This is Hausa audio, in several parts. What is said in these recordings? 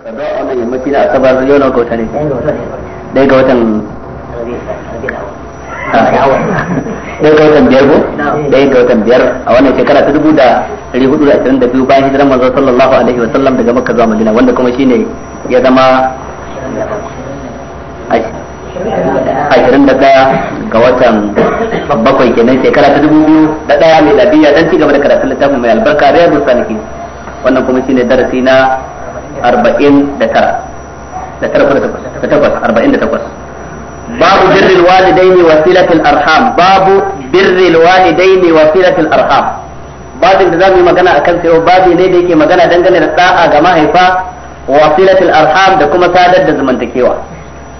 kaza a wannan yammaci na asabar yau na kauta ne dai ga watan dai ga watan biyar ko dai ga watan biyar a wannan shekara ta dubu da dari hudu da ashirin da biyu bayan hijirar manzo sallallahu alaihi wasallam daga makka zuwa madina wanda kuma shine ya zama ashirin da daya ga watan bakwai kenan shekara ta dubu biyu da daya mai labiya don ci da karatun littafin mai albarka riyadu salihin wannan kuma shine darasi na arba'in da tara da takwas arba'in da takwas babu birril walidaini wasilatul arham babu birril walidaini wasilatul arham babin da zamu yi magana akan sai babi ne da yake magana dangane da da'a ga mahaifa wasilatul arham da kuma sadar da zamantakewa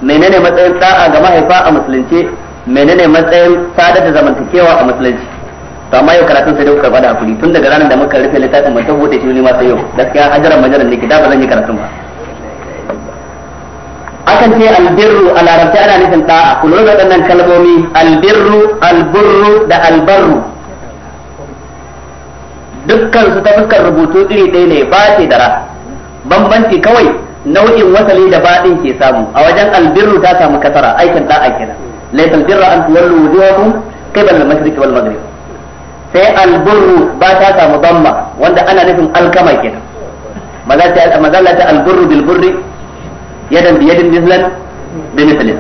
menene matsayin da'a ga mahaifa a musulunci menene matsayin sadar da zamantakewa a musulunci to amma yau karatun sai da kuka bada hakuri tun daga ranar da muka rufe littafin ban tabbata shi ne ma sai yau gaskiya hajaran a ne kida ba zan yi karatun ba akan ce albirru a larabci ana nufin da'a ku lura da ɗannan kalmomi albirru alburru da albarru dukkan su ta fuskar rubutu iri ɗaya ne ba ce dara bambanci kawai nau'in wasali da baɗin ke samu a wajen albirru ta samu kasara aikin da'a kenan laifin birra an tuwallu wujuhakum qibla da mashriq wal maghrib sai albirru ba ta samu bamma wanda ana nufin alkama kenan mazalla ta albirru bil burri yadan bi yadin mislan bi mislin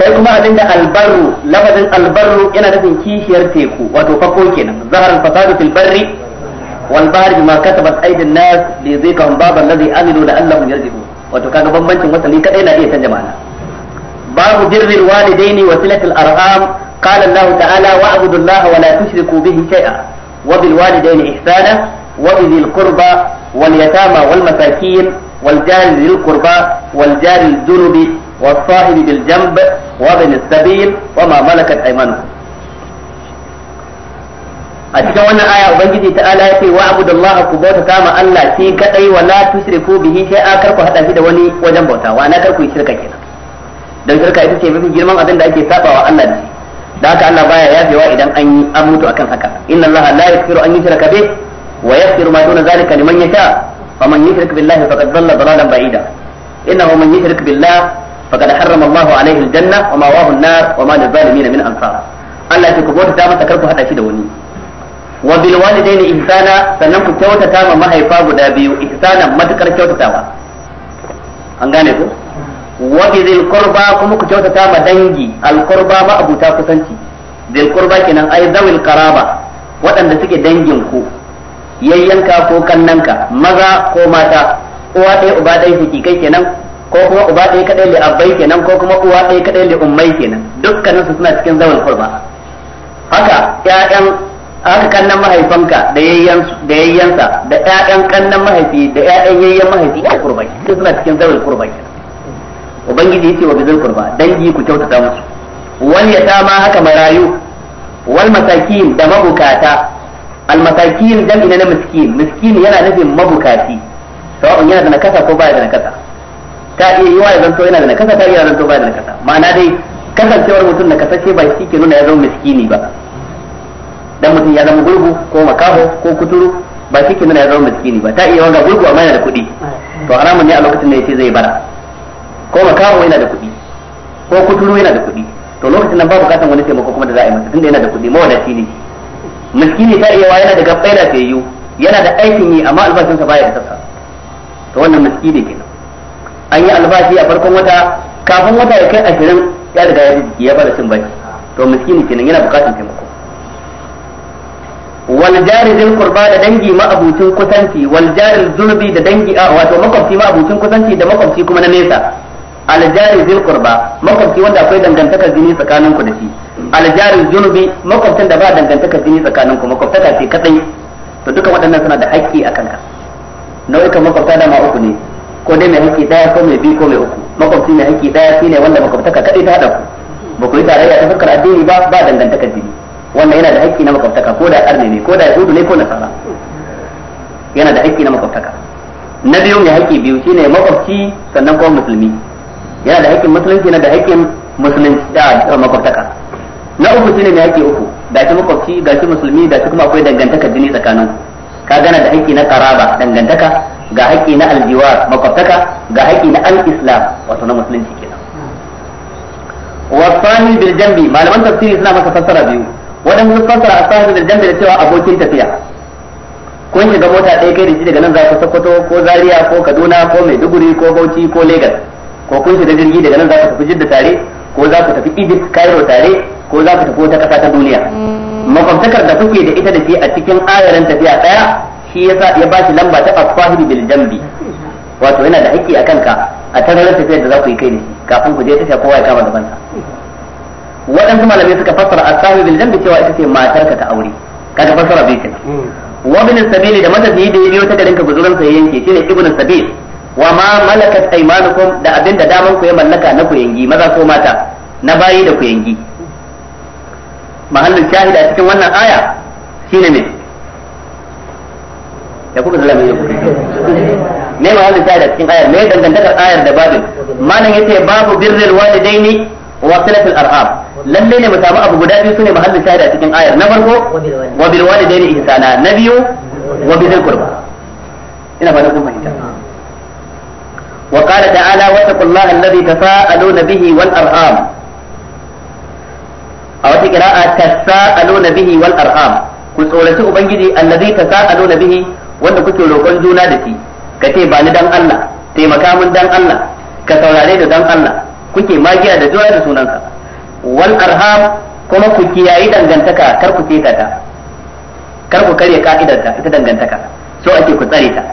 sai kuma abin da albarru lafazin albarru yana nufin kishiyar teku wato fako kenan zahar fasadu fil barri wal bahri bima kasabat aydin nas li yadhiqahum bab alladhi amilu la'allahum yarji'un wato kaga bambancin wasali kadai na iya canja mana. babu birril walidaini wa silatil arham قال الله تعالى واعبدوا الله ولا تشركوا به شيئا وبالوالدين إحسانا وبذي القربى واليتامى والمساكين والجار ذي القربى والجار الجنب والصاحب بالجنب وابن السبيل وما ملكت أيمانكم a cikin wannan aya ubangiji ta ala ya ce wa abudullah ku bauta kama Allah shi kadai wa la tushriku bihi shay'a kar ku hada shi da wani wajen bauta wa na kar ku shirka kenan dan shirka ita ce mafi girman abin da ake sabawa Allah da shi da haka Allah baya yafewa idan an yi an mutu akan haka inna Allah la yaghfiru an yushraka bih wa yaghfiru ma duna zalika liman yasha faman yushrik billahi faqad dhalla dhalalan ba'ida innahu man yushrik billahi faqad harrama Allah alayhi aljanna wa ma'awahu an-nar wa ma lizalimin min ansar Allah ya ku bota bauta masa karku hada shi da wani wa bil walidaini ihsana sannan ku kyautata ma mahaifa guda biyu ihsana matukar kyautatawa an gane ku wa bizil qurba kuma ku kyautata ma dangi al qurba ma abuta kusanci zil qurba kenan ay zawil qaraba waɗanda suke dangin ku yayyanka ko kannanka maza ko mata uwa ɗaya uba ɗaya fiki kai kenan ko kuma uba ɗaya kaɗai li abbai kenan ko kuma uwa ɗaya kaɗai li ummai kenan dukkanin su suna cikin zawal qurba haka ƴaƴan haka kannan mahaifanka da yayyan da yayyansa da ƴaƴan kannan mahaifi da ƴaƴan yayyan mahaifi a qurba suna cikin zawal qurba kenan ubangiji yace wa bizul qurba dangi ku kyautata musu wal yatama haka marayu wal masakin da mabukata al masakin dan ina na miskin miskin yana nufin mabukati sawa'un yana da nakasa ko baya da nakasa ta iya wa ya zanto yana da nakasa ta iya zanto baya da nakasa ma'ana dai kasancewar mutum na kasashe ba shi ke nuna ya zama miskini ba dan mutum ya zama gurgu ko makaho ko kuturu ba shi ke nuna ya zama miskini ba ta iya wanga gurgu amma yana da kuɗi to haramun ne a lokacin da ce zai bara ko makaho yana da kuɗi ko kuturu yana da kuɗi to lokacin nan ba bukatan wani taimako kuma da za a yi masa tunda yana da kuɗi mawadaci ne miskini ta iya yana da gaɓɓai da yiwu, yana da aikin yi amma albashinsa baya da sassa to wannan miskini nan. an yi albashi a farkon wata kafin wata ya kai ashirin ya riga ya jiki ya fara cin baki to miskini nan yana bukatan taimako wal jari zil qurba da dangi ma abucin kusanci wal jari zulbi da dangi a wato makwabci ma abucin kusanci da makwabci kuma na nesa aljari zil qurba makwabci wanda akwai dangantakar jini tsakanin ku da shi aljari junubi makwabcin da ba dangantakar jini tsakanin ku makwabtaka ce kadai to duka waɗannan suna da haƙƙi a kanka nau'ikan makwabta dama uku ne ko dai mai haƙƙi daya ko mai biyu ko mai uku makwabci mai haƙƙi daya shine wanda makwabtaka kadai ta ku ba ku yi tarayya ta fuskar addini ba ba dangantakar jini wannan yana da haƙƙi na makwabtaka ko da arne ne ko da yahudu ne ko nasara yana da haƙƙi na makwabtaka na biyu mai haƙƙi biyu shine makwabci sannan kuma musulmi yana da haƙƙin musulunci yana da haƙƙin musulunci da makwabtaka na uku shine mai haƙƙi uku da shi makwabci ga shi musulmi da shi kuma akwai dangantaka jini tsakanin ka gana da haƙƙi na karaba dangantaka ga haƙƙi na aljiwar makwabtaka ga haƙƙi na al-islam wato na musulunci kenan wasani bil jambi malaman tafsiri suna masa fassara biyu waɗansu sun fassara asani bil jambi da cewa abokin tafiya kun shiga mota ɗaya kai da shi daga nan za ku Sokoto ko Zaria ko Kaduna ko Maiduguri ko Bauchi ko Lagos ko kun shiga jirgi daga nan za ku tafi jidda tare ko za ku tafi egypt cairo tare ko za ku tafi wata kasa ta duniya mm. makwabtakar da kuke da ita da ke a cikin ayaran tafiya daya shi yasa ya ba shi lamba ta asfahibi bil jambi wato yana da haƙƙi akan ka a tararar tafiyar da za ku yi kai ne kafin ku je tasha kowa ya kama gabansa waɗansu malamai suka fassara asfahibi bil jambi cewa ita ce ka ta aure kaga fassara bai kenan mm. wa bin sabili da matafiyi da ya biyo ta garin ka guzuran sa yanke shine ibnu sabil wa ma malakat aymanukum da abinda daman ku ya mallaka na ku yangi maza ko mata na bayi da ku yangi mahallin shahida cikin wannan aya shine ne ya kuka zalami da kuka ne mahallin shahida cikin ayar me dangantakar ayar da babu, malam yace babu birrul walidaini wa silatul arham lalle ne mu samu abu guda biyu sune mahallin shahida cikin ayar na farko wa bil walidaini ihsana na biyu wa bil qurba ina ba da kuma fahimta وقال تعالى واتقوا الله الذي تساءلون به والأرحام أو قراءة تساءلون به والأرحام كسولة أبنجدي الذي تساءلون به wanda kuke roƙon juna da shi ka ce ba ni dan Allah taimaka mun dan Allah ka saurare dan Allah kuke magiya da juna da sunanka wal arham kuma ku kiyaye dangantaka kar ku keta ta kar ku karya ka'idar ta ita dangantaka so ake ku tsare ta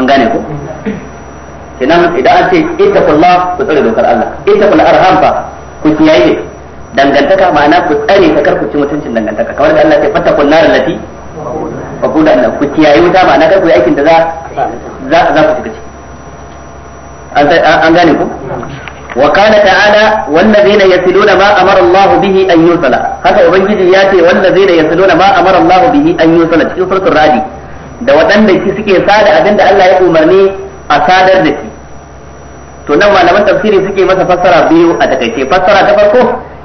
an gane ku Sinan idan an ce kulla ku tsare dokar Allah ita ittaqul arham fa ku kiyaye dangantaka ma'ana ku tsare ta kar ku ci mutuncin dangantaka kamar da Allah ya fatakun nar lati fa ku da ku kiyaye wuta ma'ana kar ku yi aikin da za za za ku an ciki an gane ku wa kana ta'ala wallazina yasiluna ma amara Allah bihi an yusala haka ubangiji ya ce wallazina yasiluna ma amara Allah bihi an yusala cikin suratul radi da waɗanda suke sada abinda Allah ya umarni a sadar da shi to nan malaman tafsiri suke masa fassara biyu a takaice fassara ta farko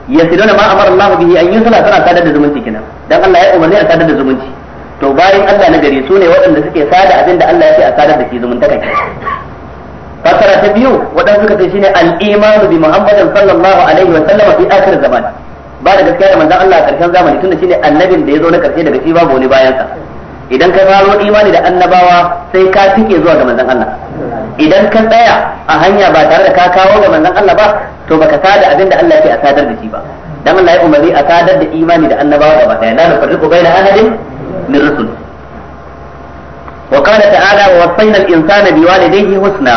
yasiluna ma amara Allah bihi an yusala tana sadar da zumunci kenan dan Allah ya umarni a sadar da zumunci to bayan Allah na gari sune waɗanda suke sada abinda Allah ya ce a sadar da shi zumunta kai fassara ta biyu waɗanda suka ce shine al-imanu bi Muhammadin sallallahu alaihi wa sallam fi akhir zaman ba da gaskiya da manzon Allah a karshen zamani tunda shine annabin da ya zo na karshe daga shi babu wani bayansa idan ka faro imani da annabawa sai ka tike zuwa ga manzon Allah idan ka tsaya a hanya ba tare da ka kawo ga manzon Allah ba to baka sada abin da Allah ya a sadar da shi ba dan Allah ya umarni a sadar da imani da annabawa gaba daya la nufarriqu baina ahadin min rusul wa qala ta'ala wa wasayna al-insana biwalidayhi husna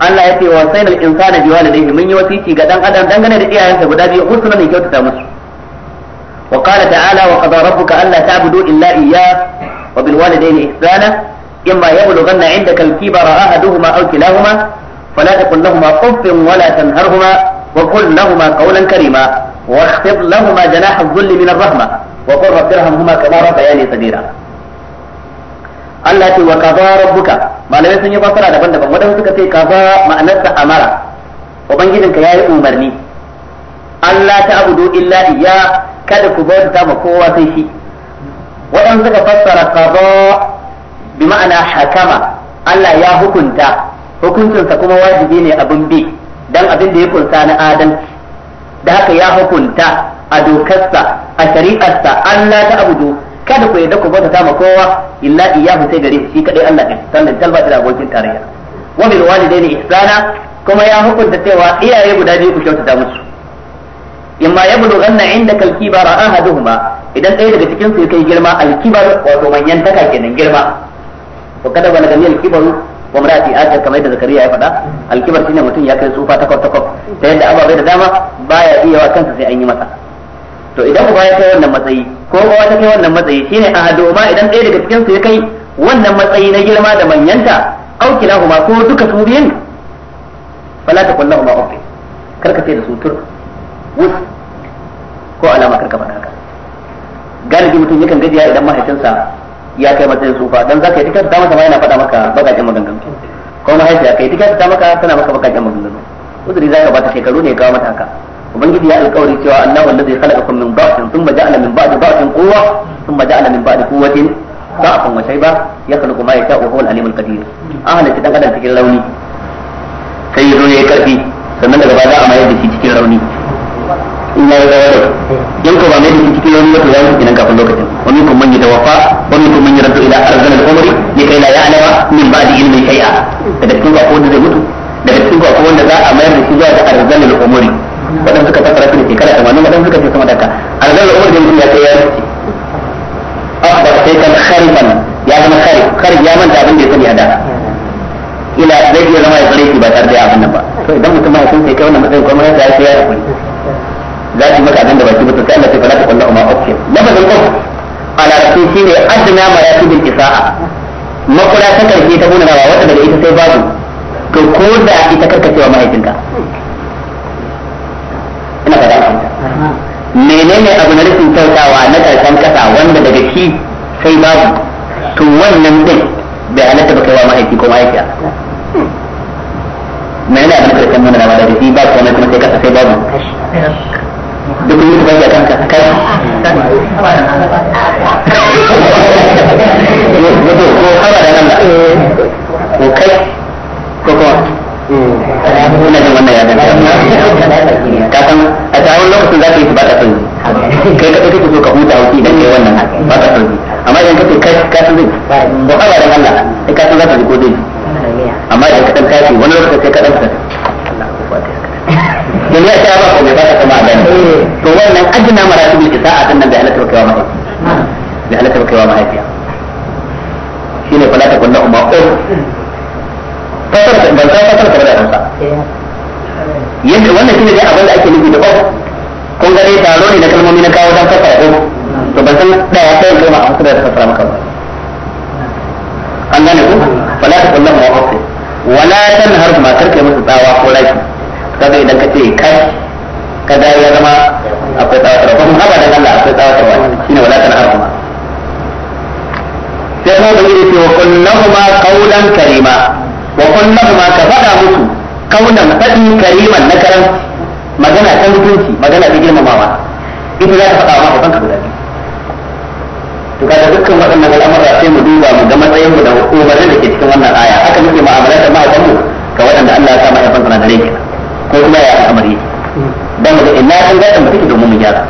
Allah ya ce wa wasayna al-insana biwalidayhi mun yi wasici ga dan adam dangane da iyayensa guda biyu husna ne kyautata musu ta'ala wa وقال تعالى وقضى ربك ألا تعبدوا إلا إياه وبالوالدين إحسانا إما يبلغن عندك الكبر أحدهما أو كلاهما فلا تقل لهما قف ولا تنهرهما وقل لهما قولا كريما واخفض لهما جناح الذل من الرحمة وقل رب ارحمهما كما ربياني صغيرا Allah ce wa kaza rabbuka malamai sun yi fasara daban-daban wadanda suka ce kaza ma'anarsa amara ubangijinka yayi umarni Allah ta abudu illa iya kada ku bauta ma kowa sai shi wadanda suka fassara kaza bi ma'ana hakama Allah ya hukunta hukuncinsa kuma wajibi ne abin bi dan abin da ya kunsa na adalci da haka ya hukunta a dokarsa a shari'arsa Allah ta abudu kada ku yadda ku bauta ta ma kowa illa iyyahu sai gare shi kadai Allah din sannan talba da abokin tarayya wa bil walidaini ihsana kuma ya hukunta cewa iyaye guda biyu ku kyautata musu imma yablughanna indaka al-kibara ahaduhuma idan ɗaya daga cikin su kai girma al-kibar wato manyan taka kenan girma wa kada balaga ni alkibaru wa marati aka kamar yadda zakariya ya faɗa alkibar shine mutum ya kai tsufa takwas takwas ta yadda ababai da dama baya iya wa kansa sai an yi masa to idan uba ya kai wannan matsayi ko uwa ta kai wannan matsayi shine a hado ma idan ɗaya daga cikin su ya kai wannan matsayi na girma da manyanta au kilahuma ko duka su biyun fala ta kullahu ma ufi karka sai da su tur wus ko alama karka faɗa haka galibi mutum yakan gajiya idan mahaifinsa ya kai matsayin sufa dan ka yi tikar ta kama ma yana faɗa maka bakakken maganganu ko mahaifiya kai tikar ta maka tana maka bakakken maganganu uzuri ba bata shekaru ne kawo mata haka ubangiji ya alƙawari cewa Allah wallazi khalaqakum min dha'fin thumma ja'ala min ba'di dha'fin quwwa thumma ja'ala min ba'di quwwatin dha'fan wa shayba ya khluqu ma yasha'u huwa al-alimul qadir ahlan dan adam cikin rauni sai yazo yayi karfi sannan daga baya za a mayar da shi cikin rauni in ya yi rawar yan ka ba ne da cikin wani wata yawon kenan kafin lokacin wani kun manyan tawaffa wani kun manyan rantu ila arzan al'umari ne kai la ya min ba da ilmin shai'a daga cikin ba wanda zai mutu daga cikin ba wanda za a mayar da shi zuwa ga arzan al'umari waɗanda suka fassara su da shekara tamanin waɗanda suka ce sama da haka arzan da mutum ya kai ya rikici أخبر شيئا خربا يا زما خرب خرب يا من دابن da sani a da ila zai iya zama ya tsare ba tare da abin nan ba to idan mutum ya sun kai wannan matsayin kuma ya sai ya hakuri za su maka nan da baki ba to sai Allah sai fara ta kullu ma okay lafazin qaf ala rasul shine adna maratibul isa'a makula ta karshe ta nuna rawa wanda daga ita sai babu to ko da ita karkacewa mahaifinka ina fada menene abu na rashin kyautawa na karshen kasa wanda daga shi sai babu to wannan din bai halatta ba kaiwa mahaifi ko mahaifiya menene abu na karshen nuna rawa daga shi ba kuma sai kasa sai babu da kuma yi baki a kanka kai wato ko haba da nan ko kai ko kuma ina jin wannan ya danta ka san a tsawon lokacin za ka yi ba ka sanyi kai ka ɗauke ka so ka huta wuki idan ka yi wannan ba ka sanyi amma idan ka ce kai ka san zai ko haba da Allah sai ka san za ka ji ko dai amma idan ka san kai wani lokacin sai ka ɗauka duniya ta ba ko ne ba ta kama dan eh. to wannan ajina maratibul isa'a din nan da Allah ta kawo maka da Allah ta kawo shi ne fala ta kunna umma ko um. fasar da ban san fasar da kansa eh. yadda wannan ne dai abin da ake nufi da ko um. kun ga dai taro ne na kalmomi na kawo dan fasara ko um. to ban san da ya kai kuma a kudar da fasara maka ba an gane ku fala ta kunna umma ko wala tanhar ma tarkai musu tsawa ko raki kaga idan ka ce kai kaga ya zama akwai tsawatarwa kuma haba da Allah akwai tsawatarwa shine wala tan haruma sai kuma bai ce wa kullahuma qawlan karima wa kullahuma ka fada musu qawlan fadi kariman na karam magana ta mutunci magana ta girmamawa ita za ta fada wa maka ka guda to kaga dukkan waɗannan al'amura sai mu duba mu ga matsayin mu da umarnin da ke cikin wannan aya haka muke mu'amala da ma'aikatan mu ga waɗanda Allah ya sa mai fansa na gare kenan ko kuma ya al'amari dan mu ina an ga dan take domin mu gyara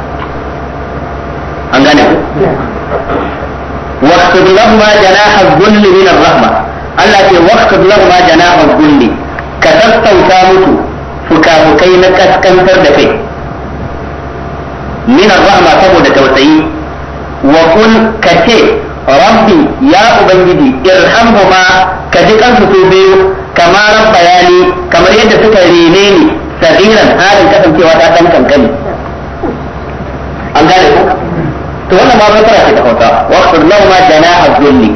an gane ku waqtu lahu ma janaha dhulli min ar-rahma Allah ce waqtu lahu ma janaha dhulli ka sassauta mutu fukafukai na kaskantar da kai min ar-rahma saboda tausayi wa kun kace rabbi ya ubangiji irhamhuma ka ji kansu su biyu kamaran bayani kamar yadda suka rene ni sagiran halin kasancewa ta dan kankani an gane ku to wannan ma fasara ce ta hausa waqtul lawma janaha dhilli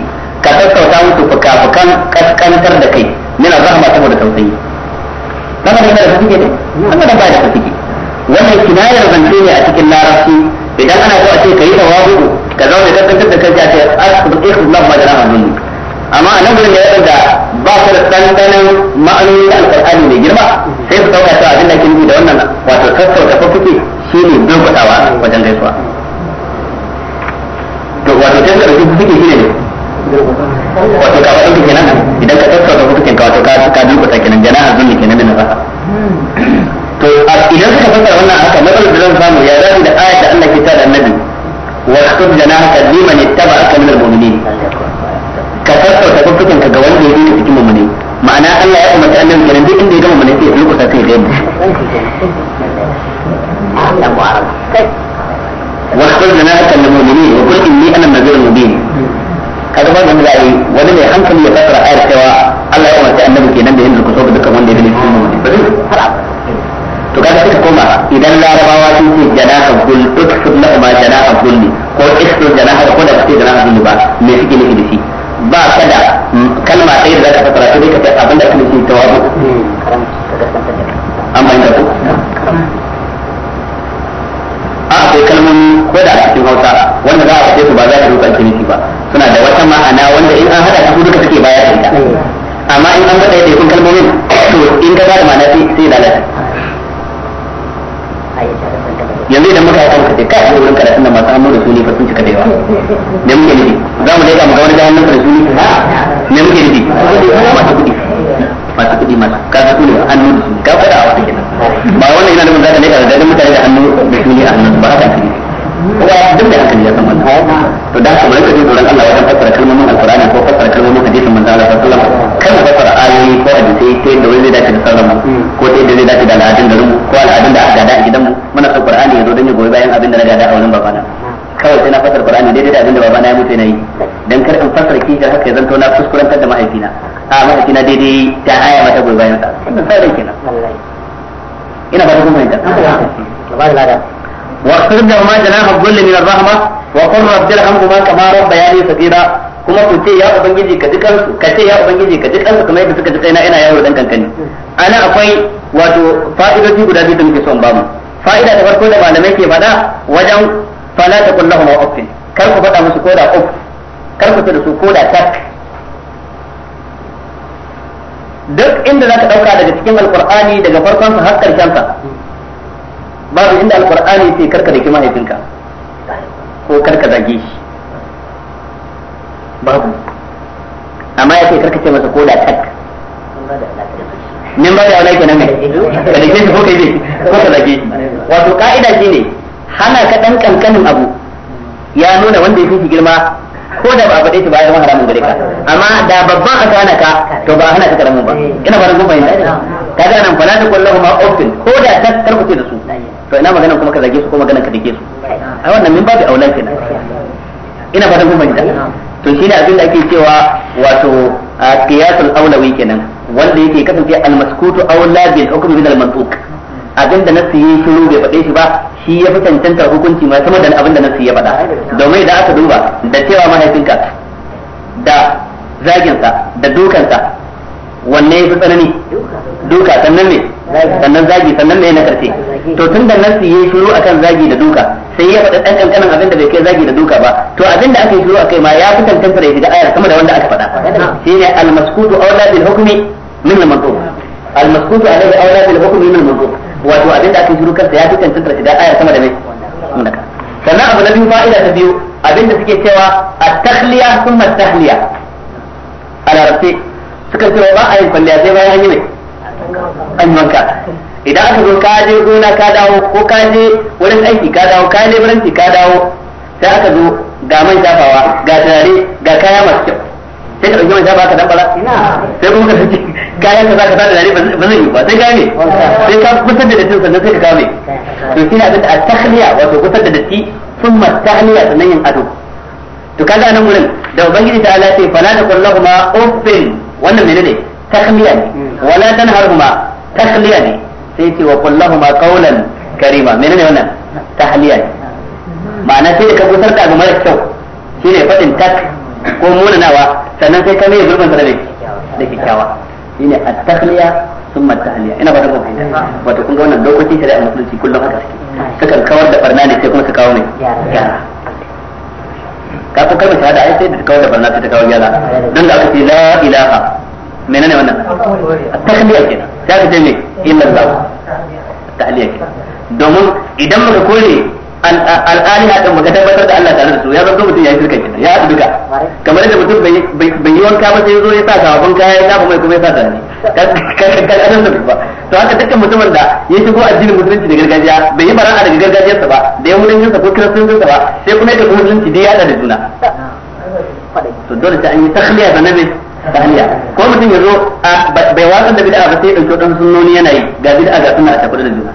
ka tattauta musu fukafukan kaskantar da kai nuna rahama saboda tausayi zama da kada da suke ne amma da ba da suke wannan kinayar zance ne a cikin larabci idan ana so a ce ka yi tawabu ka zauna kaskantar da kai ka ce asbu ikhlas ma janaha dhilli amma a nan gurin ya da ba su da ɗanɗanin ma'anoni na alƙur'ani mai girma sai su sauka cewa abin da ke nufi da wannan wato sassauta ko kuke shi ne durƙusawa wajen gaisuwa to wato ta su ɗauki kuke shi ne wato ka faɗin kuke nan idan ka sassauta kuke ka wato ka durƙusa kenan jana'a zulli kenan da na fasa to idan suka fassara wannan haka matsalar da zan samu ya zafi da ayat da Allah ke tada annabi wa khutub janahaka liman ittaba'aka min al-mu'minin ka sassauta fuskukan ka ga wanda ya yi ka cikin mummune ma'ana Allah ya umarci annabi kenan duk inda ya gama mummune sai ya lokuta sai ya ga wasu da na hakan da mummune wa kun inni ana nazar mubin kaga ba da yi wani mai hankali ya fassara ayar cewa Allah ya umarci annabi kenan da yin rukuso ga dukkan wanda ya gani cikin mummune ba zai to kaga suka koma idan larabawa sun ce janaha gul uksud lahum janaha gulli ko iksud janaha ko da ce janaha gulli ba me suke nufi da shi ba ka da kalma ɗaya da za ka fasara sai ka ce abin da kuma ke tawazu amma inda ku a akwai kalmomi ko da a cikin hausa wanda za a fice su ba za ka duka ciniki ba suna da wata ma'ana wanda in an hada su duka suke bayar da ita amma in an gaɗa yadda kalmomin to in ka ba da ma'ana sai da lalace yanzu idan muka haka muka ce kai ne wurin karatun da masu hannu da suni fa sun cika da ne muke nufi za mu dai ga mu ga wani da da suni ne muke nufi masu kuɗi masu kuɗi masu kaga su ne hannu da ka faɗa a wata kenan ba wannan yana da za ka ne ka mutane da hannu da suni a hannun ba haka ake kuma duk da hankali ya san wannan to da haka bari ka ji tsoron Allah wajen fassara kalmomin alkur'ani ko fassara kalmomin hadisin manzo Allah sallallahu alaihi wasallam kan fassara ayoyi ko hadisi ta yadda wani zai dace da sauran mu ko ta yadda zai dace da al'adun garin mu ko al'adun da aka gada a gidan mu muna son qur'ani ya zo don ya goyi bayan abin da na gada a wurin babana kawai sai na fassara qur'ani daidai da abin da babana ya mutu yana yi dan kar in fassara kishar haka ya zanto na kuskurantar da mahaifina a mahaifina daidai ta aya mata goyi bayan sa wannan sai kenan ina ba da kuma yanzu واغفر لهما جناح الذل من الرحمة وقل رب ارحمهما كما ربياني صغيرا kuma ku ce ya ubangiji ka dukan su ka ce ya ubangiji ka dukan su kuma yadda suka ji kaina ina yawo dan kankani ana akwai wato fa'idoji guda biyu da muke son mu fa'ida ta farko da malamai ke faɗa wajen fala ta kullahu ma uffin kar ku faɗa musu koda uff kar ku ce da su koda tak duk inda zaka dauka daga cikin alqur'ani daga farkon sa har karshen sa babu inda alkur'ani sai karka da mahaifinka ko karka zage shi babu amma ya yake karka ce masa koda tak min ba da wani kenan ne da dake shi ko kai ne ko ka zage shi wato ka'ida ne hana ka dan kankanin abu ya nuna wanda ya fi girma ko da ba faɗe shi ba ya zama haramun gare ka amma da babban aka hana ka to ba hana ka karamin ba ina ba ran gumbayin da ga nan fala ta kullahu ma ofin ko da ta karkuce da su to ina maganan kuma ka zage su ko maganan ka dake su ai wannan min babu aula kenan ina fatan kun fahimta to shine abin da ake cewa wato qiyasul aulawi kenan wanda yake kasance al-maskutu aula bi hukm min al-mantuq abin da nasu yi shiru bai faɗe shi ba shi ya fi cancantar hukunci mai sama da abin da nasu ya faɗa domin idan aka duba da cewa mahaifinka da zaginsa da dukansa wanne ya fi tsanani duka sannan ne sannan zagi sannan me na karshe to tun da nasi yayi shiru akan zagi da duka sai ya faɗa ɗan kankanin abin da bai kai zagi da duka ba to abin da aka yi shiru akai ma ya fi tantance da shiga ayar sama da wanda aka faɗa shi al almaskutu awla bil hukmi min al-mandub al-maskutu alayhi awla bil hukmi min al-mandub wato abin da aka yi shiru kansa ya fi tantance da shiga ayar sama da mai sannan abu na biyu fa'ida ta biyu abin da suke cewa at tahliya thumma at-tahliya a larabci suka cewa ba a yin kwalliya sai bayan an yi mai an idan aka zo ka je gona ka dawo ko ka je wurin aiki ka dawo ka je wurin ka dawo sai aka zo ga man shafawa ga turare ga kaya masu kyau sai ka ɗauki man shafawa ka dambara sai kuma ka ɗauki kayan ka za ka sa ba zai yi ba sai gane sai ka kusa da dattin sannan sai ka kame to shi ne abin a tahliya wato kusa da datti sun ma tahliya sannan yin ado to kaga nan wurin da ubangiji ta ala ce fala da kullahu ma uffin wannan menene tahliya ne wala tanharhuma tahliya ne sai ce wa qul lahumu qawlan karima menene wannan tahliya ne ma'ana sai da ka busar da abu mara kyau shine fadin tak ko munanawa sannan sai ka mai gurbin sa da da kikkiawa shine at-tahliya thumma at-tahliya ina ba da fahimta wato kun ga wannan dokokin shari'a musulunci kullum haka suke kakan kawar da barna ne sai kuma ka kawo mai gyara ka fi sai da sai ta don da aka menene wannan takliya kenan sai ka ce me illa Allah takliya ke. domin idan muka kore al'aliha din muka tabbatar da Allah tare da su ya zanto mutum ya yi shirka kenan ya haɗu duka kamar yadda mutum bai yi wanka ba sai zo ya sa sababin kaya ya kafa mai kuma ya sa ka karkashin da ba to haka dukkan mutumin da ya shigo addinin musulunci da gargajiya bai yi bara'a daga gargajiyarsa ba da ya mulin ko kiristancinsa ba sai kuma ya tafi musulunci da ya da juna to dole sai an yi takhliya da nabi tahliya ko mutum ya zo bai wasan da bid'a ba sai ya dauki dan sunnoni yana yi ga bid'a ga sunna a tabbata da juna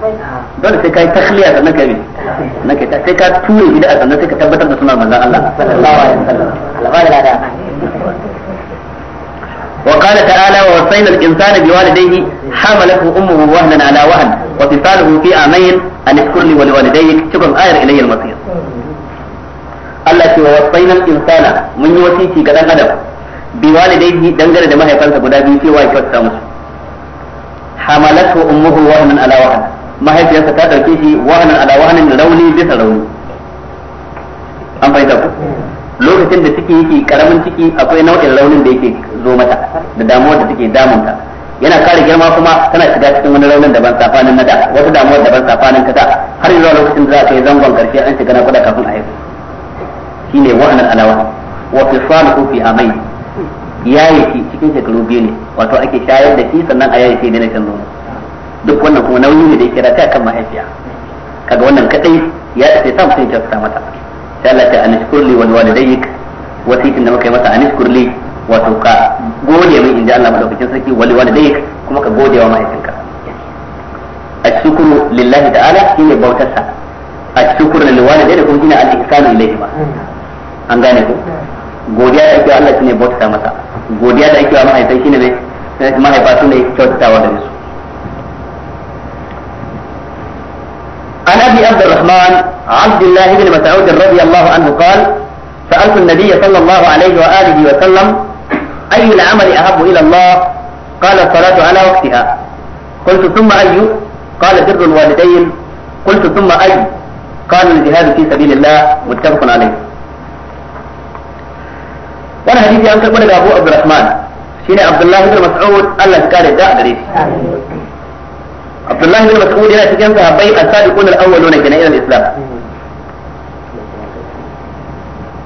dole sai kai tahliya sannan kai sannan ta sai ka ture bid'a sannan sai ka tabbatar da sunnar manzon Allah sallallahu alaihi wasallam alhamdulillah وقال تعالى ووصينا الإنسان بوالديه حملته أمه وهنا على وهن وفصاله في عامين أن اشكر لي ولوالديك شكرا آير إلي المصير Allah ce wa wasainal insana mun yi wasiki ga dan adam bi walidayhi dangane da mahaifansa guda biyu cewa ya kyauta musu hamalatu ummuhu wahnan ala wahn mahaifiyarsa ta ɗauke shi wahnan ala wahnin rauni bisa rauni an fahimta ku lokacin da ciki yake karamin ciki akwai nau'in raunin da yake zo mata da damuwar da take damunta yana kare girma kuma tana shiga cikin wani raunin daban safanin na da wasu damuwar daban safanin kaza har zuwa lokacin da za ka kai zangon karshe an shiga na kwada kafin a haihu shine wa'anan alawa wa fisaluhu fi amai yayi cikin shekaru biyu ne wato ake shayar da shi sannan a yayi shi na shan nono duk wannan kuma nauyi ne da yake rata kan mahaifiya kaga wannan kadai ya ce sa mutum ya ta mata sai Allah ta anishkurli wal walidayk wasitin da muka yi masa anishkurli wato ka gode min inda Allah madaukakin sarki wal walidayk kuma ka gode wa mahaifinka ashkuru lillahi ta'ala shine bautarsa ashkuru lil walidayk kuma shine al-ihsanu ba an gane ko hmm. godiya da ake Allah shine bautar masa godiya da ake wa mahaifai shine mai eh, mahaifa su ne kyautatawa da su عن ابي عبد الرحمن عبد الله بن مسعود رضي الله عنه قال سالت النبي صلى الله عليه واله وسلم اي العمل احب الى الله قال الصلاه على وقتها قلت ثم اي قال بر الوالدين قلت ثم اي قال الجهاد في سبيل الله متفق عليه wannan hadisi an karɓi da Abu Abdurrahman shine Abdullah ibn Mas'ud Allah da gare shi Abdullah ibn Mas'ud yana cikin sahabbai a sadiqun al-awwaluna kana ila al-islam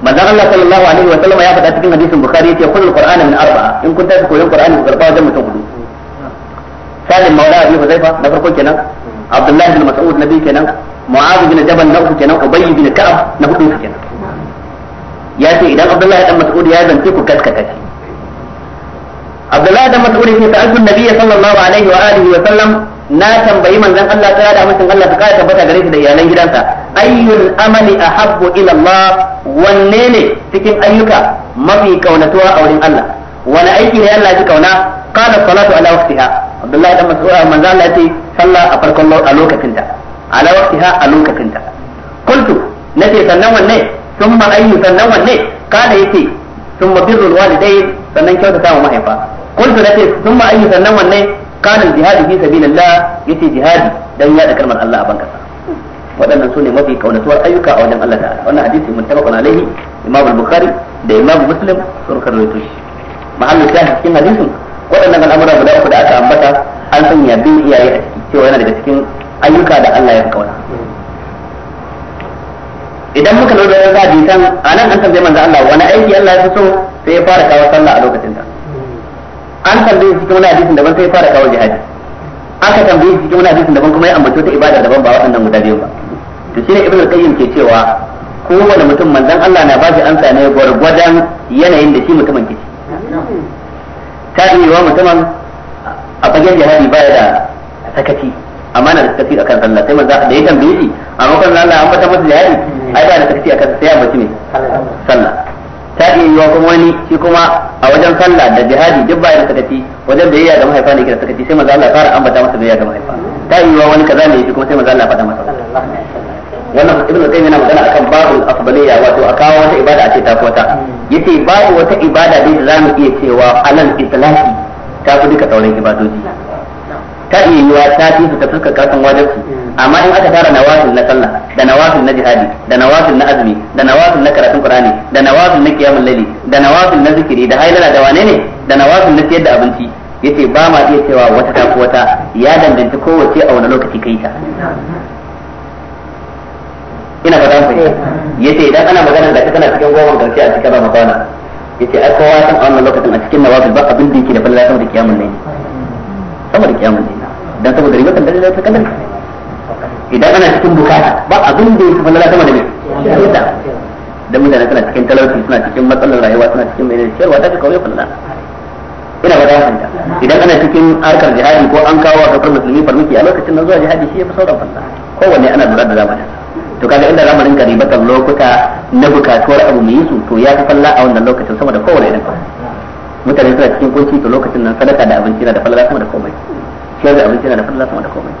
manzon Allah sallallahu alaihi wa sallama ya faɗa cikin hadisin Bukhari yace kullu qur'ana min arba'a in kun tafi koyon qur'ani ku karba wajen mutum hudu salim maula abi huzaifa na farko kenan abdullahi bin mas'ud na biyu kenan mu'adh bin jabal na uku kenan ubayy bin ka'ab na kenan ya ce idan abdullahi dan mas'ud ya zance ku kaskata shi abdullahi dan mas'ud ya ce sa'altu nabiyyi sallallahu alaihi wa alihi wa sallam na tambayi manzon Allah ta da mutum Allah ta kara tabbata gare shi da iyalan gidansa ayyul amali ahabbu ila Allah wanne ne cikin ayyuka mafi kaunatuwa a wurin Allah wani aiki ne Allah ji kauna qala salatu ala waqtiha abdullahi dan mas'ud eh, manzon Allah ya ce sallah a farkon a lokacinta ala waqtiha a lokacinta qultu nace sannan wanne sun ma ayyu sannan wanne kada yake sun ma birrul walidai sannan kyautata wa mahaifa kullu nace sun ma ayyu sannan wanne kana jihadu fi sabilillah yace jihadi dan yada kalmar Allah a banka waɗannan sune mafi kaunatuwar ayyuka a wajen Allah ta'ala wannan hadisi muttafaqun alaihi imam al-bukhari da imam muslim sun karwaito shi mahallin shahid cikin hadisin waɗannan al'amura guda uku da aka ambata an sanya bin iyaye a ciki cewa yana daga cikin ayyuka da Allah ya kawata. idan muka lura da hadisan anan an tambaye manzo Allah wani aiki Allah ya fi so sai ya fara kawo sallah a lokacin ta an tambaye shi cikin wani hadisin daban sai ya fara kawo jihadi aka tambaye shi cikin wani hadisin daban kuma ya ambato ta ibada daban ba waɗannan guda biyu ba to shine ibnu qayyim ke cewa kowane mutum manzon Allah na ba shi ansa ne gwargwadon yanayin da shi mutumin ke ta yi wa mutumin a fagen jihadi baya da sakaci amma na da sakaci akan sallah sai manzo da ya tambaye shi a makon Allah an fata masa jihadi ai ba da sarki a kansa sai ya mutu sallah ta iya yiwa kuma wani shi kuma a wajen sallah da jihadi duk ba da sakaci wajen biyayya ga mahaifa ne kira sakaci sai maza Allah fara ambata masa biyayya ga mahaifa ta iya yiwa wani kaza ne shi kuma sai maza Allah faɗa masa wannan ibnu taymiyyah yana magana akan babul afdaliyya wato a kawo wata ibada a ce ta kota yace babu wata ibada da zamu iya cewa alal islahi ta fi duka sauran ibadoji ta iya yiwa ta fi su ta fuska kasan wajibi amma in aka tara nawafil na sallah da nawafil na jihadi da nawafil na azumi da nawafil na karatun qur'ani da nawafil na qiyamul layli da nawafil na zikiri da hailala da wane ne da nawafil na siyar da abinci yace ba ma iya cewa wata ta ko wata ya danganci kowace a wani lokaci kai ta ina fata ku yace idan ana magana da kana cikin goma karshe a cikin ramadana yace ai kowa san a wannan lokacin a cikin nawafil ba abin da yake da falala sama da qiyamul layli sama da qiyamul layli dan saboda riba kan dalilai ta kadan idan ana cikin bukata ba abin da yake falala sama da me yadda dan mutane suna cikin talauci suna cikin matsalar rayuwa suna cikin menene cewa ta kawai falala ina ba da fahimta idan ana cikin harkar jihadi ko an kawo kafar musulmi farmaki a lokacin nan zuwa jihadi shi ya fi sauran falala kowanne ana lura da zamanin to kaga inda zamanin ka ribatar lokuta na bukatuwar abu mai su to ya fi falla a wannan lokacin sama da kowane irin mutane suna cikin kunci to lokacin nan sadaka da abinci na da falala sama da komai ciyar da abinci na da falla sama da komai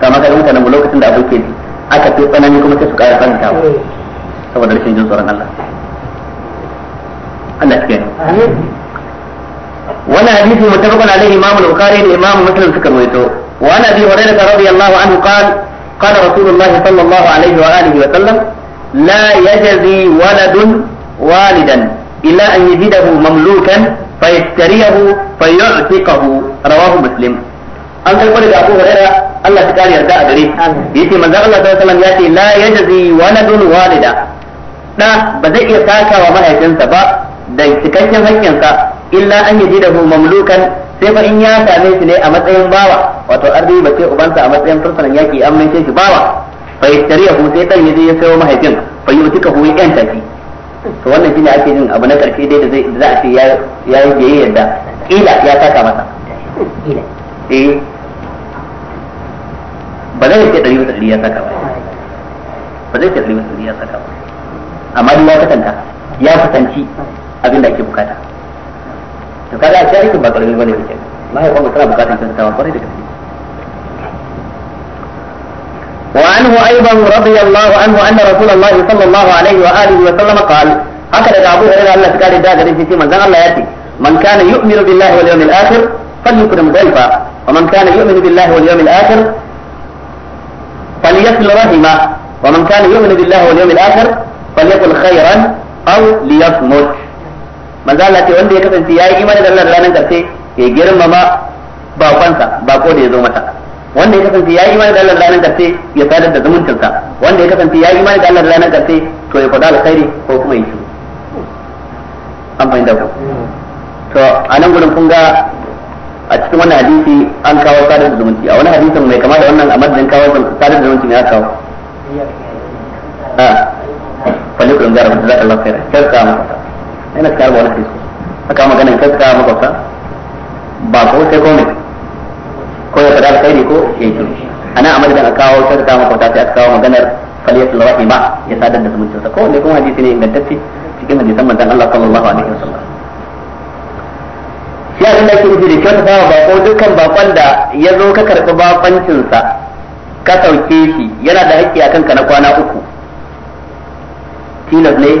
kama ga mutanen mu lokacin da abin ke aka fi tsanani kuma sai su ƙara tsananta saboda rashin jin tsoron Allah Allah cikin wannan hadisi alaihi imamu al-bukhari da imamu muslim suka rawaito wa ana bi hurairah radiyallahu anhu qala لا يجزي ولد والدا إلا أن يجده مملوكا فيشتريه فيعتقه رواه مسلم an karɓo daga Abu Hurairah Allah ta kare yarda a gare yace manzon Allah sallallahu alaihi wasallam yace la yajzi waladun walida da ba zai iya wa mahaifinsa ba da cikakken haƙƙinsa illa an yaji da mamlukan sai fa in ya same shi ne a matsayin bawa wato arziki bace ubansa a matsayin fursunan yaki an amince shi bawa fa yashtariyahu sai dan yaje ya sayo mahaifin fa yutikahu yan tafi to wannan shine ake jin abu na karshe dai da zai za a ce ya ya yi yadda kila ya taka masa ba zai ce ɗari wata ɗari ya saka ba ba zai ce ɗari wata ɗari ya saka ba amma ya kasanta ya kusanci abin da ake bukata to kaga a cikin ba ƙarfi bane kake mahaifan mu tana bukatar kyautatawa kwarai da gaske وعنه أيضا رضي الله عنه أن رسول الله صلى الله عليه وآله وسلم قال هكذا أبو هريرة الله سكار الداء قريب من ذن الله من كان يؤمن بالله واليوم الآخر فليكرم ضيفه ومن كان يؤمن بالله واليوم الآخر فليصل رحمه ومن كان يؤمن بالله واليوم الآخر فليقل خيرا أو ليصمت manzo Allah ce wanda ya kasance yayi imani da Allah da ranar karshe ya girmama bakonsa bako da ya wanda ya kasance yayi imani da Allah da ranar karshe ya sadar da zumuncinsa wanda ya kasance yayi imani da Allah da ranar karshe to ya faɗa alkhairi ko kuma yi shiru an fahimta ku to a nan gurin kun ga a cikin wannan hadisi an kawo sadar da zumunci a wani hadisin mai kama da wannan a madadin kawo sadar da zumunci ne aka kawo a ah. falikun gara mutu zaka Allah khaira kar ka maka ina ka wani hadisi aka magana kar ka maka ka ba ko sai ko ne ko ya fada kai ko ya yi ana a madadin a kawo kar ka maka ta sai aka kawo maganar faliyatul rahima ya sadar da zumunci ko ne kuma hadisi ne ingantacce cikin hadisan manzon Allah sallallahu alaihi wasallam shi abin da ake nufi da kyan wa bako dukkan bakon da ya zo ka karɓi bakoncinsa ka sauke shi yana da haƙƙi akan ka na kwana uku tilas ne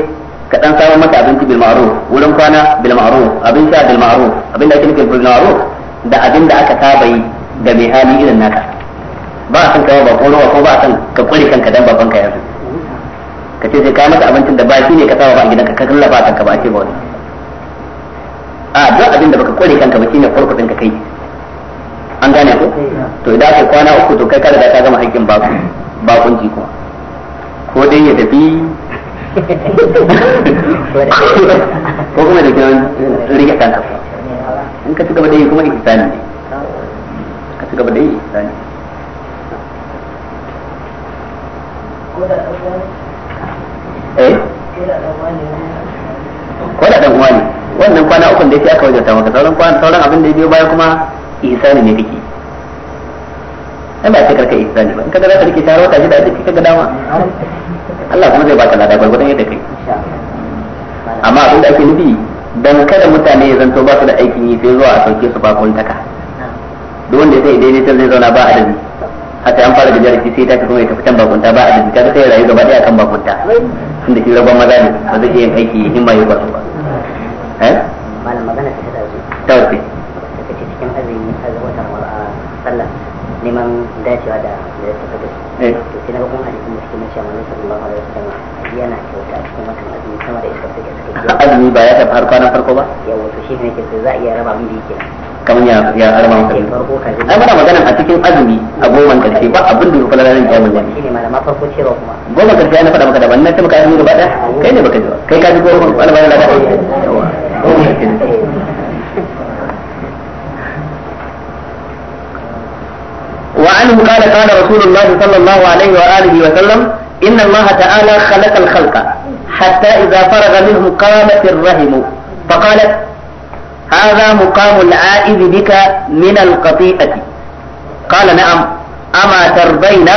ka dan samu mata abinci bil ma'ruf wurin kwana bil ma'ruf abin sha bil ma'ruf abin da ake nufi bil ma'ruf da abin da aka saba yi da mai hali irin naka ba a san ka ba ko rawa ko ba a san ka kware kanka dan baban ka yanzu ka ce sai ka mata abincin da ba shi ne ka saba ba a gidanka ka a kanka ba a ce ba wani a duk abin da baka kore kanka ba shine farko ka kai an gane ko to idan aka kwana uku to kai ka riga ka gama haƙƙin baku bakunci kuma ko dai ya tafi ko kuma da kiran rike kanka in ka ci gaba da yi kuma ihsani ne ka ci gaba da yi ihsani eh? ko da dan uwa ne wannan kwana ukun da yake aka wajarta maka sauran kwana sauran abin da ya biyo baya kuma ihsani ne kake Allah ya karka ihsani ba in ka ga zaka rike tare wata shida duk kaga dama Allah kuma zai baka lada gurgurdan yadda kai amma abin da ake nufi dan kada mutane ya zanto ba su da aikin yi sai zuwa a sauke su bakon taka duk wanda sai daidai ta zai zauna ba adadi haka an fara da shi sai ta kuma ya tafi can bakunta ba adadi kaga sai ya rayu gaba daya kan bakunta da shi rabon maza ne ba zai iya yin aiki himma ya ba su ba dacewa da ya tafi da shi eh. to ga kuma hadisin da cewa sallallahu alaihi wasallam yana kyauta cikin azumi sama da take azumi ba ya tafi har farko ba yawa to shi ne za a iya raba mu da yake kamar ya ya raba eh, mu magana a cikin azumi a goman karshe ba abin da kula da nan ya mun shi ne malama farko cewa kuma goma karshe na faɗa maka da wannan kuma ka yi gaba da kai ne baka ji ba kai ka ji goma da yawa عنه قال قال رسول الله صلى الله عليه وآله وسلم إن الله تعالى خلق الخلق حتى إذا فرغ منه قامت الرحم فقالت هذا مقام العائد بك من القطيئة قال نعم أما ترضين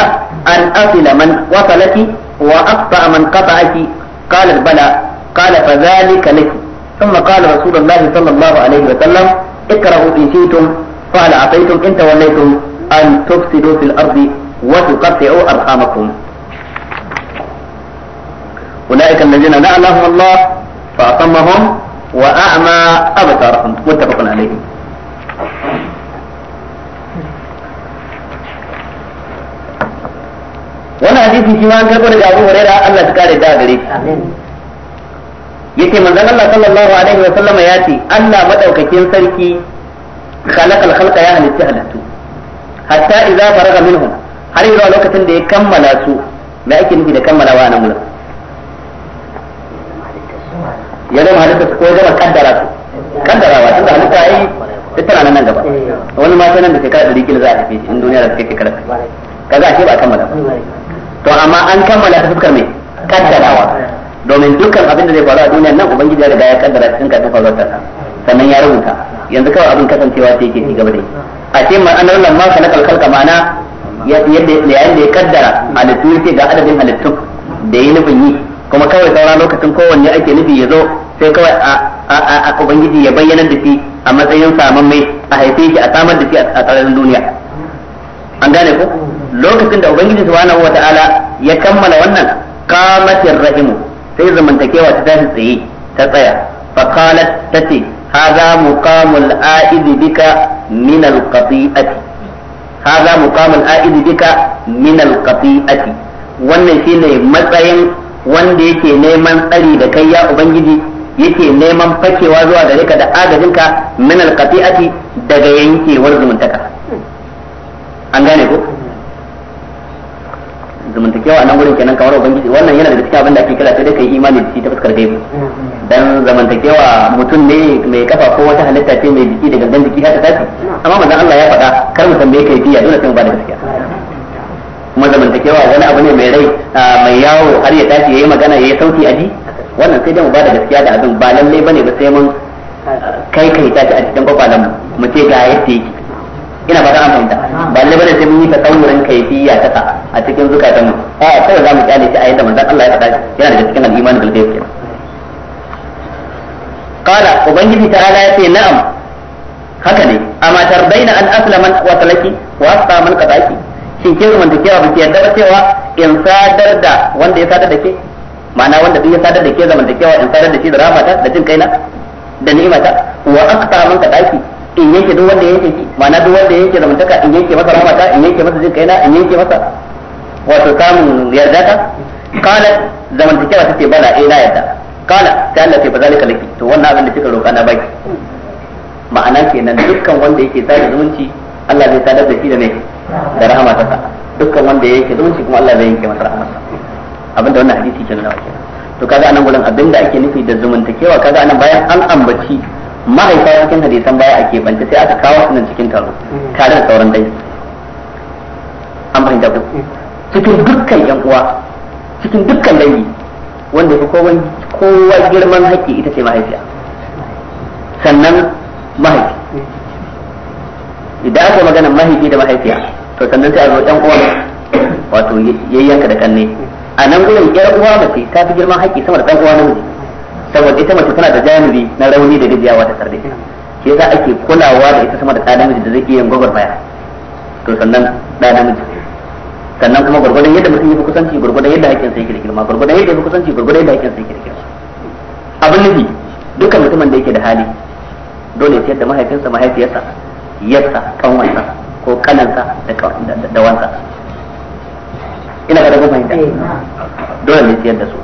أن أصل من وصلك وأقطع من قطعك قالت بلى قال فذلك لك ثم قال رسول الله صلى الله عليه وسلم اكرهوا إن شئتم فهل أعطيتم إن توليتم أن تفسدوا في الأرض وتقطعوا أرحامكم أولئك الذين لعنهم الله فأصمهم وأعمى أبصارهم متفق عليه وانا حديث في سيوان كبير أبو هريرة أن أذكار الدابري يتي من الله صلى الله عليه وسلم ياتي أن مدعو كتين سلكي خلق الخلق يا أهل التهلتو hatta idza faraga minhum har zuwa lokacin da ya kammala su me ake nufi da kammala wa nan wurin ya zama halitta ko ya zama kaddara su kaddarawa tunda halitta ai tana nan gaba wani ma nan da shekara ɗari kila za a tafi in duniya da ka za kaga ashe ba kammala ba to amma an kammala ta fuskar mai kaddarawa domin dukkan abin da zai faru a duniya nan ubangiji ya riga ya kaddara cikin kafin faruwar ta sannan ya rubuta yanzu kawai abin kasancewa sai yake ci gaba da yi a ce ma anar lamma khalaqal khalqa mana yadda yayin da ya kaddara halittu yake ga adadin halittun da yi nufin yi kuma kawai saura lokacin kowanne ake nufi ya zo sai kawai a ubangiji ya bayyana da shi a matsayin saman mai a haife shi a samar da shi a sararin duniya an gane ko lokacin da ubangiji subhanahu wataala ya kammala wannan qamatir rahimu sai zamantakewa ta tashi tsaye ta tsaya fa qalat tati hadha muqamul a'idi bika من al هذا مقام muqam بك من bika wannan shi ne matsayin wanda yake neman tsari da kai ya ubangiji yake neman fakewa zuwa gare ka da agajinka min alqati'ati daga yankewar zumuntaka an gane ko zamantakewa nan gurin kenan kamar ubangiji wannan yana da cikin abin da ake kira sai dai kai imani da shi ta fuskar gaibu dan zamantakewa mutum ne mai kafa ko wata halitta ce mai biki da gangan biki haka tafi amma manzon Allah ya faɗa kar mu tambaye kai fiya dole sai mu bada gaskiya kuma zamantakewa wani abu ne mai rai mai yawo har ya tafi yayi magana yayi sauki a ji wannan sai dai mu bada gaskiya da abin ba lalle bane ba sai mun kai kai tafi a cikin kwakwalan mu mu ce ga yadda yake ina ba za an fahimta ba ne bane sai mun yi tasawurin kaifiya ta ta a cikin zukatan mu a kawai za mu kyale shi a yadda manzon Allah ya faɗa yana daga cikin al bil ghaib qala ubangiji ta'ala yace na'am haka ne amma tarbaina an aslama wa salaki wa asqa man qadaki shin ke mun kewa ba ki yarda cewa in sadar da wanda ya sadar da ke ma'ana wanda duk ya sadar da ke zamantakewa in sadar da shi da rahmata da jin kaina da ni'imata wa aqta man qadaki in yanke duk wanda yake ki ma'ana duk wanda yake da mutaka in yanke masa rahmata in yanke masa jin kaina in yanke masa wato kamun yarda ta kala zaman take bala eh na yarda kala sai Allah sai bazalika laki to wannan abin da kika roka na baki ma'ana kenan dukkan wanda yake sada zumunci Allah zai sadar da shi da mai da rahama ta dukkan wanda yake zumunci kuma Allah zai yanke masa rahamarsa abinda wannan hadisi ke nuna kenan to kaga anan gurin abinda ake nufi da zumuntakewa kaga anan bayan an ambaci mahaifa cikin hadisan baya a keɓance sai aka kawo su cikin taro tare da sauran dai an fahimta ku cikin dukkan yan uwa cikin dukkan dangi wanda ya kowa kowa girman haƙƙi ita ce mahaifiya sannan mahaifi idan aka magana mahaifi da mahaifiya to sannan sai a zo ɗan uwa wato yayyanka da kanne a nan gurin ƴar uwa mace ta fi girman haƙƙi sama da ɗan uwa namiji saboda ita mace tana da janibi na rauni da gajiyawa ta karbe shi yasa ake kulawa da ita sama da ɗan namiji da zai iya gwagwar baya to sannan ɗan namiji sannan kuma gwargwadon yadda mutum ya fi kusanci gwargwadon yadda hakkin sai yake da girma gwargwadon yadda fi kusanci gwargwadon yadda hakkin sai yake da girma abin nufi dukkan mutumin da yake da hali dole ya da mahaifinsa mahaifiyarsa yarsa kanwansa ko kanansa da wansa ina ga da fahimta eh. dole ne ciyar da su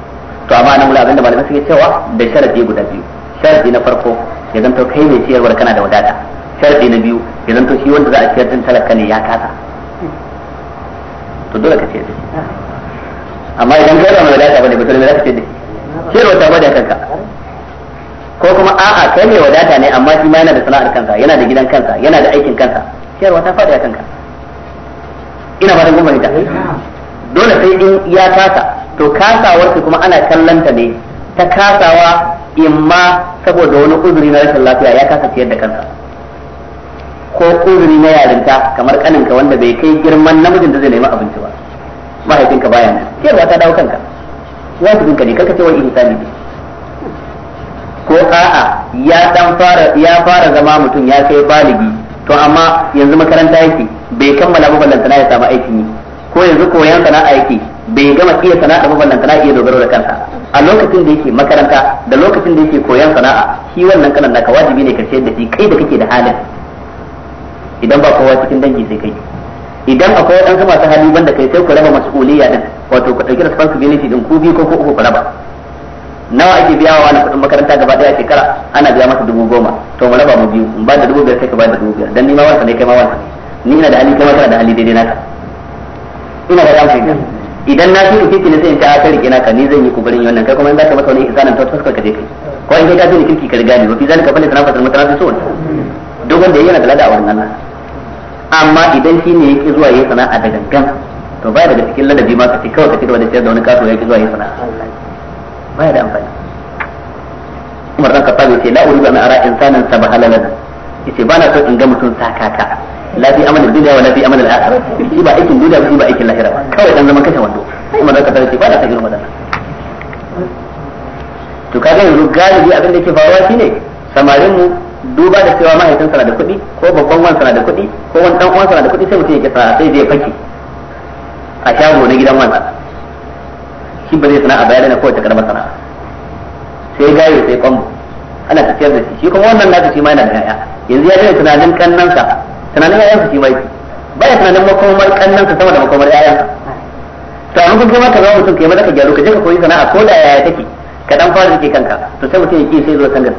to amma nan wula abinda malamai suke cewa da sharadi guda biyu sharadi na farko ya zanto kai mai ciyarwar kana da wadata sharadi na biyu ya zanto shi wanda za a ciyar din talaka ne ya kasa to dole ka ce amma idan kai ba mai wadata bane ba to ne za ka ce da shi ciyarwar ta bada kanka ko kuma a'a kai mai wadata ne amma shi ma yana da sana'ar kansa yana da gidan kansa yana da aikin kansa ciyarwa ta fada kanka ina ba da fahimta dole sai in ya kasa to kasawarki kuma ana kallanta ne ta kasawa in ma saboda wani uzuri na rashin lafiya ya kasa ciyar da kansa ko uzuri na yarinta kamar kaninka wanda bai kai girman namijin da zai nemi abinci ba mahaifinka bayan nan ba ta dawo kanka wajibinka ne karka ce wani ihsani ne ko a'a ya dan fara ya fara zama mutum ya kai baligi to amma yanzu makaranta yake bai kammala ba ballantana ya samu aikin ne. ko yanzu koyan sana'a yake bai gama iya sana'a ba wannan sana'a iya dogaro da kansa a lokacin da yake makaranta da lokacin da yake koyon sana'a shi wannan kanan naka wajibi ne ka ce da shi kai da kake da halin idan ba kowa cikin dangi sai kai idan akwai wadansu masu ta hali banda kai sai ku raba mas'uliyya din wato ku dauki responsibility din ku biyu ko ku uku ku raba nawa ake biya wa wani kudin makaranta gaba daya shekara ana biya masa dubu goma to mu raba mu biyu in ba da dubu biyar sai ka ba da dubu biyar dan ni ma wanta ne kai ma wanta ni ina da hali kai ma kana da hali daidai naka ina da yan idan na shi kirki ne sai in ta ka rike naka ni zan yi kubarin yi wannan kai kuma in zaka maka wani ihsanin ta fuskar ka je kai ko in kai ka ji kirki ka riga ni fi zalika bane tanafasul mutanafisun duk wanda yana da ladawa wannan amma idan shi ne yake zuwa yayin sana'a da gangan to baya daga cikin ladabi ma ka ce kawai ka ci da da sayar da wani kasuwa yake zuwa yayin sana'a baya da amfani Umar dan Khattab yace la uridu an ara insanan sabahala ce yace bana so in ga mutum sakaka la ba aikin ba aikin lahira ba kawai kashe wando ka yanzu galibi abin yake faruwa shine samarin duba da cewa mahaifin sana da kuɗi ko babban sana da kuɗi ko wani sana da kuɗi sai mutum ya kisa sai zai faki a shago na gidan wani. shi ba zai sana'a bayan na kowace karamar sana'a sai gayo sai kwambo ana tafiyar da shi shi kuma wannan nasa shi ma yana da yaya yanzu ya daina tunanin kannansa tunanin ya su shi ma yake baya tunanin makomar kannan sama da makomar ƴaƴan to a kun kuma ka zama mutum kai maza ka gyaru ka je ka koyi sana'a ko da yaya take ka dan fara jike kanka to sai mutum ya ki sai zo gaske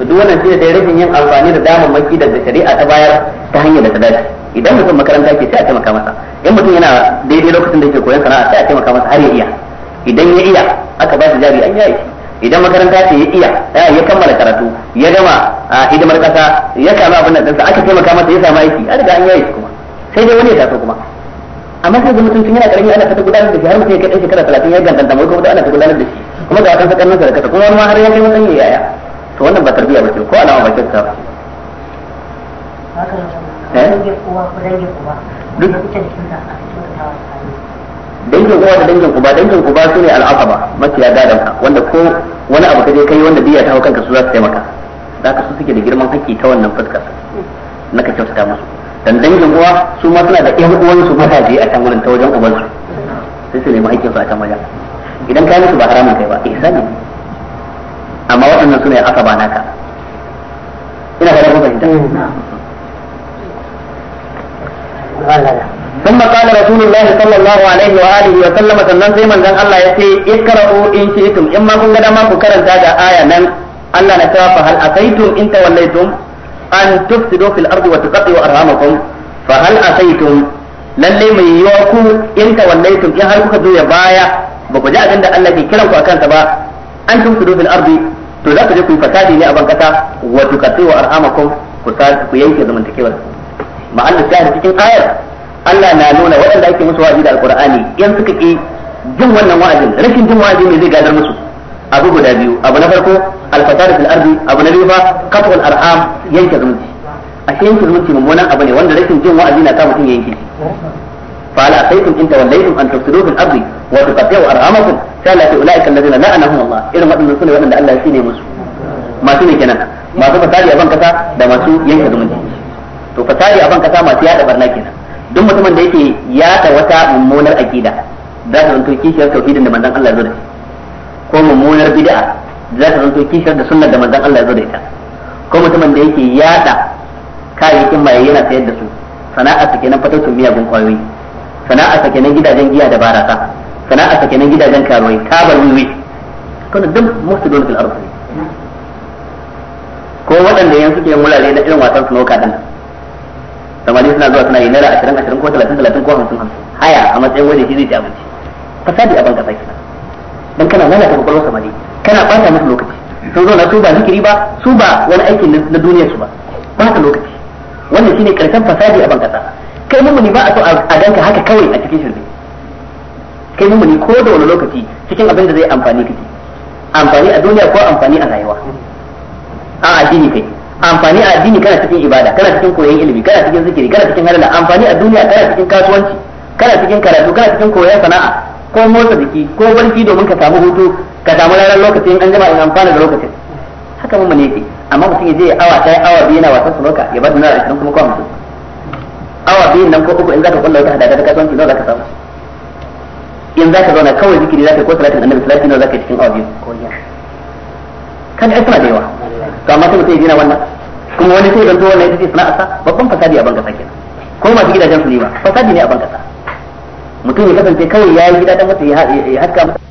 to duk wannan shine da rashin yin amfani da maki da shari'a ta bayar ta hanyar da ta dace idan mutum makaranta ke sai a taimaka masa in mutum yana daidai lokacin da yake koyon sana'a sai a taimaka masa har ya iya idan ya iya aka ba shi jari an yayi idan makaranta ce ya iya eh, ya kammala karatu ya gama a ah, hidimar kasa ya samu abin da aka taimaka masa ya samu aiki a daga an yaye su kuma sai dai wani ya taso kuma amma sai da mutum sun yana karami ana ta gudanar da shi har mutum ya kai shekara talatin ya ganganta mai kuma ana ta gudanar da shi kuma ga kan sakar sa da kasa kuma wani ma har ya kai yi yaya to wannan ba tarbiya ce ko alama ba kyauta eh? ba duk dangin uwa da dangin uba dangin uba su ne al'asaba maciya gadon ka wanda ko wani abu kaje kai wanda biya ta hau kanka su za su taimaka za ka su suke da girman haƙƙi ta wannan fuskar na ka kyautata musu dan dangin uwa su ma suna da ƴan uwansu mazaje a can wurin ta wajen ubansu sai su nemi haƙƙin su a can wajen idan ka musu ba haramun kai ba eh, sani amma waɗannan su ne asaba naka ina ga da fahimta mm. ثم قال رسول الله صلى الله عليه وآله وسلم sannan sai manzon Allah ya ce ikra'u in shi'tum in ma kun ga dama ku karanta ga aya nan Allah na cewa fa hal asaitum in tawallaitum an tufsidu fil ardi wa fa hal lalle mai yiwa ku in tawallaitum in har kuka ya baya ba ku ji abin da Allah ke kiran ku akan ta ba an tufsidu dofin ardi to za ku je ku yi fasadi ne a ban kasa wa tuqatti'u arhamakum ku yanke zamantakewar Ma'an da cikin ayar Allah na nuna waɗanda ake musu wa'azi da alqur'ani in suka ki jin wannan wa'azin rashin jin wa'azi ne zai gadar musu abu guda biyu abu na farko alfasad fil ardi abu na biyu fa qat'ul arham yanke zumunci ashe yanke zumunci mummunan abu ne wanda rashin jin wa'azi na kama mutum yanke فهل أتيتم إن توليتم أن تفسدوا في الأرض وتقطعوا أرحامكم قال أولئك الذين لعنهم الله إذا ما تنسون وأن الله سيني مسو ما سيني كنانا ما سوف تاري أبان كتا دا da masu yanke zumunci to fasari a ban kasa masu yada barna kenan duk mutumin da yake ta wata mummunar aqida za ta zanto kishiyar tauhidin da manzon Allah ya zo da shi ko mummunar bid'a za ta zanto kishiyar da sunnar da manzon Allah ya zo da ita ko mutumin da yake yada kayayyakin maye yana sayar da su sana'a nan kenan fataucin miyagun kwayoyi sana'a take nan gidajen giya da barasa sana'a take nan gidajen karuwai tabar wiwi kana duk musulun fil ardi ko waɗanda yanzu ke mulale na irin wasan snooker din samari suna zuwa suna yi naira ashirin ashirin ko talatin talatin ko hamsin hamsin haya a matsayin wani shi zai ci abinci fasadi a banka sai kina dan kana lalata kwakwalwar samari kana bata musu lokaci sun zo na su ba zikiri ba su ba wani aikin na duniyar su ba ba ta lokaci wannan shine karshen fasadi a ban kai kai mummuni ba a so a danka haka kawai a cikin shirme kai mummuni ko da wani lokaci cikin abin da zai amfani kake amfani a duniya ko amfani a rayuwa a addini kai amfani a addini kana cikin ibada kana cikin koyon ilimi kana cikin zikiri kana cikin halala amfani a duniya kana cikin kasuwanci kana cikin karatu kana cikin koyon sana'a ko motsa jiki ko barci domin ka samu hutu ka samu ranar lokacin an gama in amfana da lokacin haka mun ne yake amma mutum ya je awa ɗaya awa biyu na wasan sunoka ya ba da naira ashirin kuma ko awa biyu nan ko uku in zaka kulla wata hada ta kasuwanci nawa ka samu in zaka zauna kawai zikiri zaka ko salatin annabi salatin nawa zaka cikin awa biyu kan ai suna da yawa kamar amma sai mutum ya gina wannan kuma wani sai zanto wannan ita ce sana'arsa babban fasadi a ban kasa ko masu gidajen su ne ba fasadi ne a ban kasa mutum ya kasance kawai ya yi gida dan wata ya haska mutum